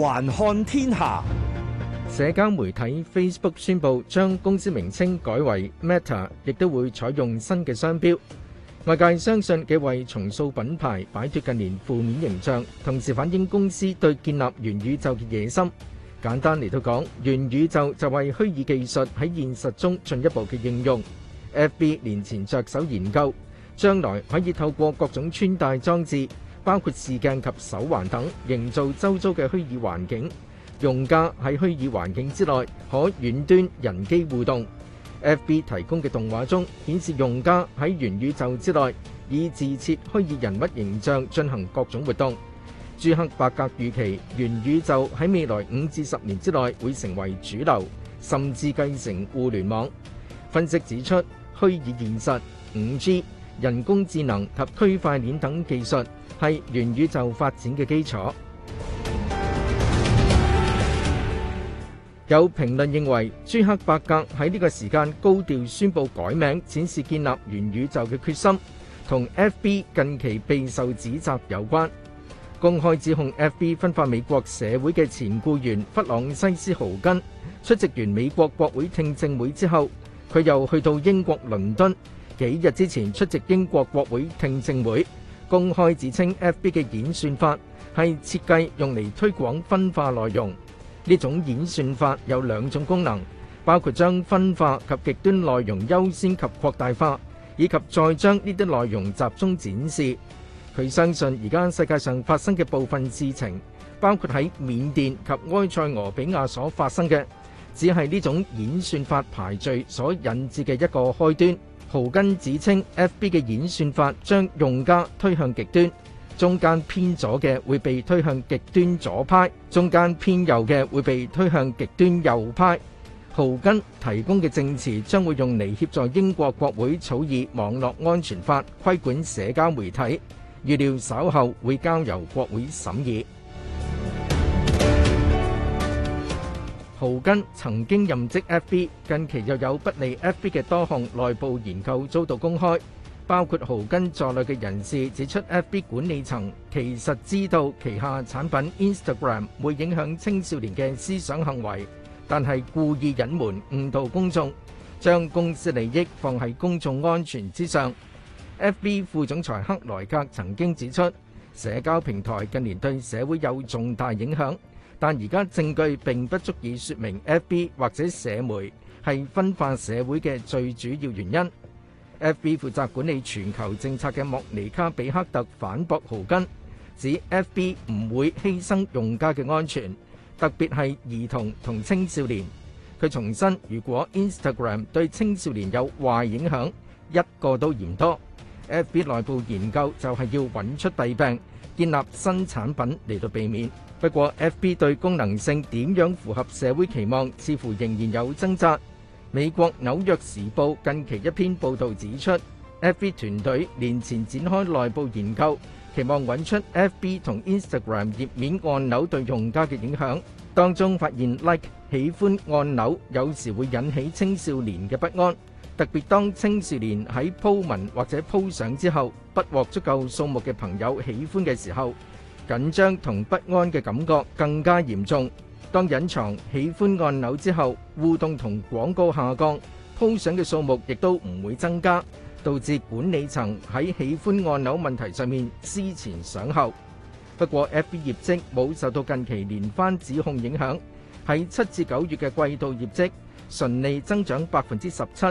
環看天下，社交媒體 Facebook 宣布，將公司名稱改為 Meta，亦都會採用新嘅商標。外界相信，既為重塑品牌，擺脫近年負面形象，同時反映公司對建立元宇宙嘅野心。簡單嚟到講，元宇宙就係虛擬技術喺現實中進一步嘅應用。FB 年前着手研究，將來可以透過各種穿戴裝置。包括視鏡及手環等，營造周遭嘅虛擬環境。用家喺虛擬環境之內，可遠端人機互動。FB 提供嘅動畫中，顯示用家喺元宇宙之內，以自設虛擬人物形象進行各種活動。朱克伯格預期元宇宙喺未來五至十年之內會成為主流，甚至繼承互聯網。分析指出，虛擬現實、五 G、人工智能及區塊鏈等技術係元宇宙發展嘅基礎。有評論認為，朱克伯格喺呢個時間高調宣布改名，展示建立元宇宙嘅決心，同 FB 近期備受指責有關。公開指控 FB 分化美國社會嘅前僱員弗朗西斯·豪根出席完美國國會聽證會之後，佢又去到英國倫敦。幾日之前出席英國國會聽證會，公開指稱 FB 嘅演算法係設計用嚟推廣分化內容。呢種演算法有兩種功能，包括將分化及極端內容優先及擴大化，以及再將呢啲內容集中展示。佢相信而家世界上發生嘅部分事情，包括喺緬甸及埃塞俄比亞所發生嘅，只係呢種演算法排序所引致嘅一個開端。豪根指稱 FB 嘅演算法將用家推向極端，中間偏左嘅會被推向極端左派，中間偏右嘅會被推向極端右派。豪根提供嘅證詞將會用嚟協助英國國會草擬網絡安全法規管社交媒體，預料稍後會交由國會審議。豪根曾經任職 FB，近期又有不利 FB 嘅多項內部研究遭到公開。包括豪根在內嘅人士指出，FB 管理層其實知道旗下產品 Instagram 會影響青少年嘅思想行為，但係故意隱瞞，誤導公眾，將公司利益放喺公眾安全之上。FB 副總裁克萊格曾經指出，社交平台近年對社會有重大影響。但而家證據並不足以説明 F B 或者社媒係分化社會嘅最主要原因。F B 負責管理全球政策嘅莫尼卡比克特反駁豪根，指 F B 唔會犧牲用家嘅安全，特別係兒童同青少年。佢重申，如果 Instagram 對青少年有壞影響，一個都嫌多。FB 內部研究就係要揾出弊病，建立新產品嚟到避免。不過，FB 對功能性點樣符合社會期望，似乎仍然有掙扎。美國紐約時報近期一篇報道指出，FB 團隊年前展開內部研究，期望揾出 FB 同 Instagram 頁面按鈕對用家嘅影響。當中發現 Like 喜歡按鈕有時會引起青少年嘅不安。特別當青少年喺鋪文或者鋪相之後，不獲足夠數目嘅朋友喜歡嘅時候，緊張同不安嘅感覺更加嚴重。當隱藏喜歡按鈕之後，互動同廣告下降，鋪相嘅數目亦都唔會增加，導致管理層喺喜歡按鈕問題上面思前想後。不過，FB 業績冇受到近期連番指控影響，喺七至九月嘅季度業績。純利增長百分之十七，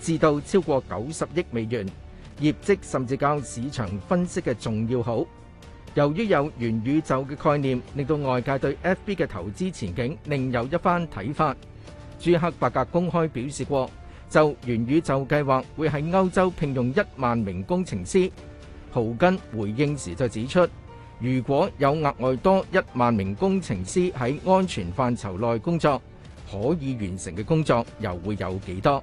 至到超過九十億美元，業績甚至較市場分析嘅重要好。由於有元宇宙嘅概念，令到外界對 FB 嘅投資前景另有一番睇法。朱克伯格公開表示過，就元宇宙計劃會喺歐洲聘用一萬名工程師。豪根回應時就指出，如果有額外多一萬名工程師喺安全範疇內工作。可以完成嘅工作又會有幾多？